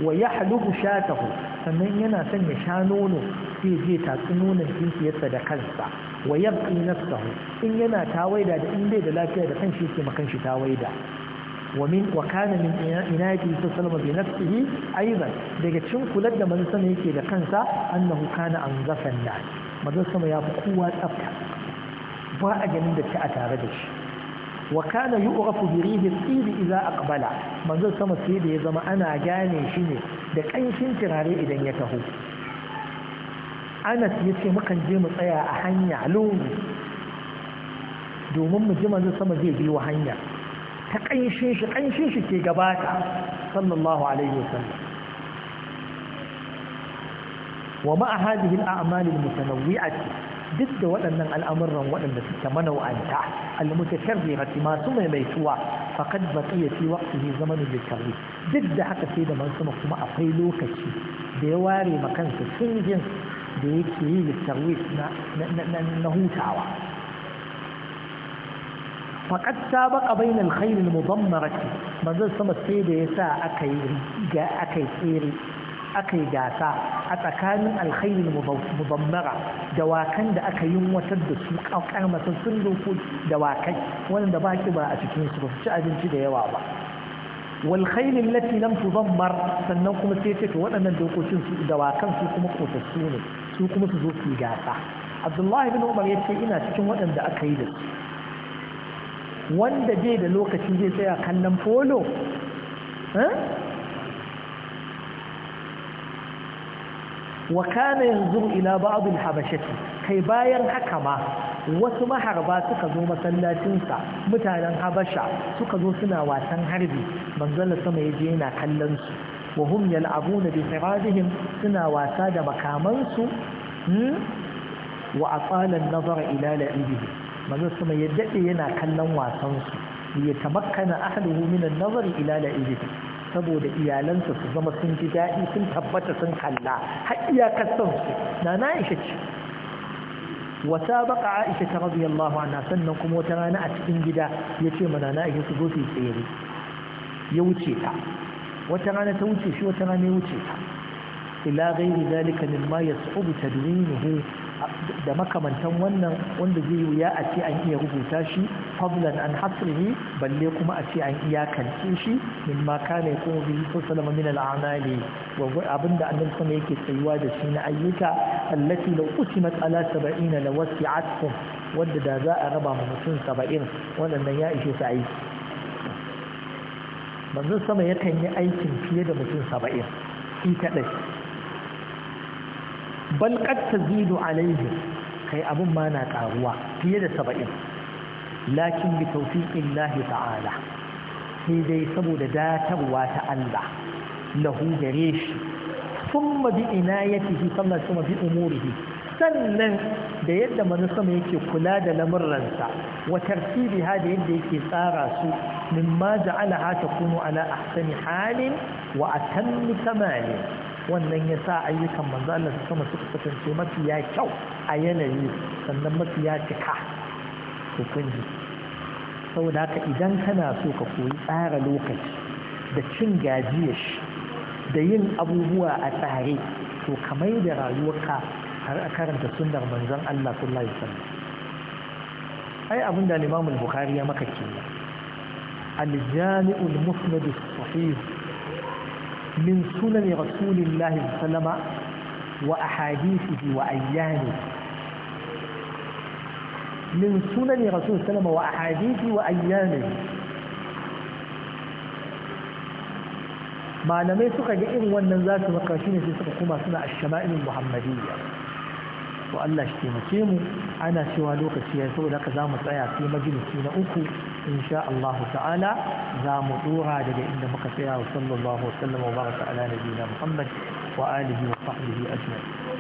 wa sha shatahu sannan yana ya sha nono sai je ta nonon kinkiyarsa da kansa wa yabqi nafsahu in yana tawaida da in da lafiya da kanshi yake makan shi tawaida wa وكان من عنايته صلى الله sallama bi nafsihi daga cikin kular da manzon sama yake da kansa annahu kana anzafan nas manzon sama ya fi kowa tsafta ba a ganin da ta a tare da shi وكان يؤرف بريه الصيد إذا أقبل من ذو سمى الصيد إذا أنا جاني شيني دك أي تراري إذا يتهو أنا سيسي مكان جيم طيا أحنيا لوني دوم من جيم ذو سمى زيجي وحنيا تك أي شين شك أي شين شكي قباك صلى الله عليه وسلم ومع هذه الأعمال المتنوعة duk da waɗannan al'amuran waɗanda suke manau'anta al-mutakarrirati masu maimaituwa faqad baqiya fi waqtihi zamanu litarri duk da haka sai da sama kuma akwai lokaci da ya ware makansa kansa tungin da yake yi litarwi na hutawa ta ba bayna al mu al-mudammarati manzon sama sai da yasa aka aka yi tsere aka yi gasa a tsakanin alkhairin mubammara dawakan da aka yi watar da su karmasin sun doko dawakai wanda ba ki ba a cikin su ba ci abinci da yawa ba walkhailin lati lam tuzammar sannan kuma sai ce waɗannan dokokin su dawakan su kuma kotassu ne su kuma su zo su yi gasa abdullahi bin umar ya ce ina cikin waɗanda aka yi da su wanda bai da lokaci zai tsaya kallon polo eh? wa kana yanzu ila ba'd al-habashati kai bayan haka ma wasu maharba suka zo masallacinsa mutanen habasha suka zo suna wasan harbi manzon sama yaje yana kallon su wa hum yal'abuna bi sirajihim suna wasa da makamansu hmm? wa atala an-nazara ila la'ibihi manzon sama ya dade yana kallon wasan su ya tamakkana ahluhu min an-nazari ila la'ibihi saboda iyalansa su zama sun ji daɗi sun tabbata sun kalla har iyakar son su na na aisha ce wata baka aisha ta rabu yallahu ana sannan kuma wata rana a cikin gida ya ce mana na aisha su zo su yi tsere ya wuce ta wata rana ta wuce shi wata rana ya wuce ta ila gairi zalika min ma yas'ubu tadwinuhu da makamantan wannan wanda zai wuya a ce an iya rubuta shi fadlan an hasrihi balle kuma a ce an iya kance shi min ma kana yakun bi sallama min al'amali wa abinda annabi kuma yake tsayuwa da shi na ayyuka allati law qusimat ala 70 wasi'atkum wanda da za a raba ma mutum 70 wannan ya ishe sa aiki manzon sama yakan yi aikin fiye da mutum 70 shi kadai bal qad tazidu kai abin ma na karuwa fiye da saba'in, lakin bi illahi ta'ala sai dai saboda datarwa ta Allah lahu gare shi thumma bi inayatihi sallallahu alaihi wasallam bi umurihi sannan da yadda sama yake kula da lamurransa wa ha da yadda yake tsara su mimma ta kunu ala ahsani halin wa atammi kamalin wannan ya sa ayyukan manzo Allah su sama suka kasance ya kyau a yanayi sannan mafi ya cika to kunji saboda haka idan kana so ka koyi tsara lokaci da cin gajiyar shi da yin abubuwa a tsare to ka mai da rayuwarka har a karanta sunnar manzon Allah sallallahu alaihi wasallam ai abin da Imam Bukhari ya maka kenan al-Jami'ul Musnad as-Sahih من سنن رسول الله صلى الله عليه وسلم وأحاديثه وأيامه من سنن رسول الله صلى الله عليه وسلم وأحاديثه وأيامه ما لم يسقى irin وأن ننزل su في shi ne الشمائل المحمدية to Allah shi taimake mu ana cewa lokaci ya saboda haka za mu tsaya sai majalisi na uku insha Allah ta'ala zamu ɗora dora daga inda muka tsaya wa sallallahu alaihi wa sallam wa baraka ala nabiyina Muhammad wa alihi wa sahbihi ajma'in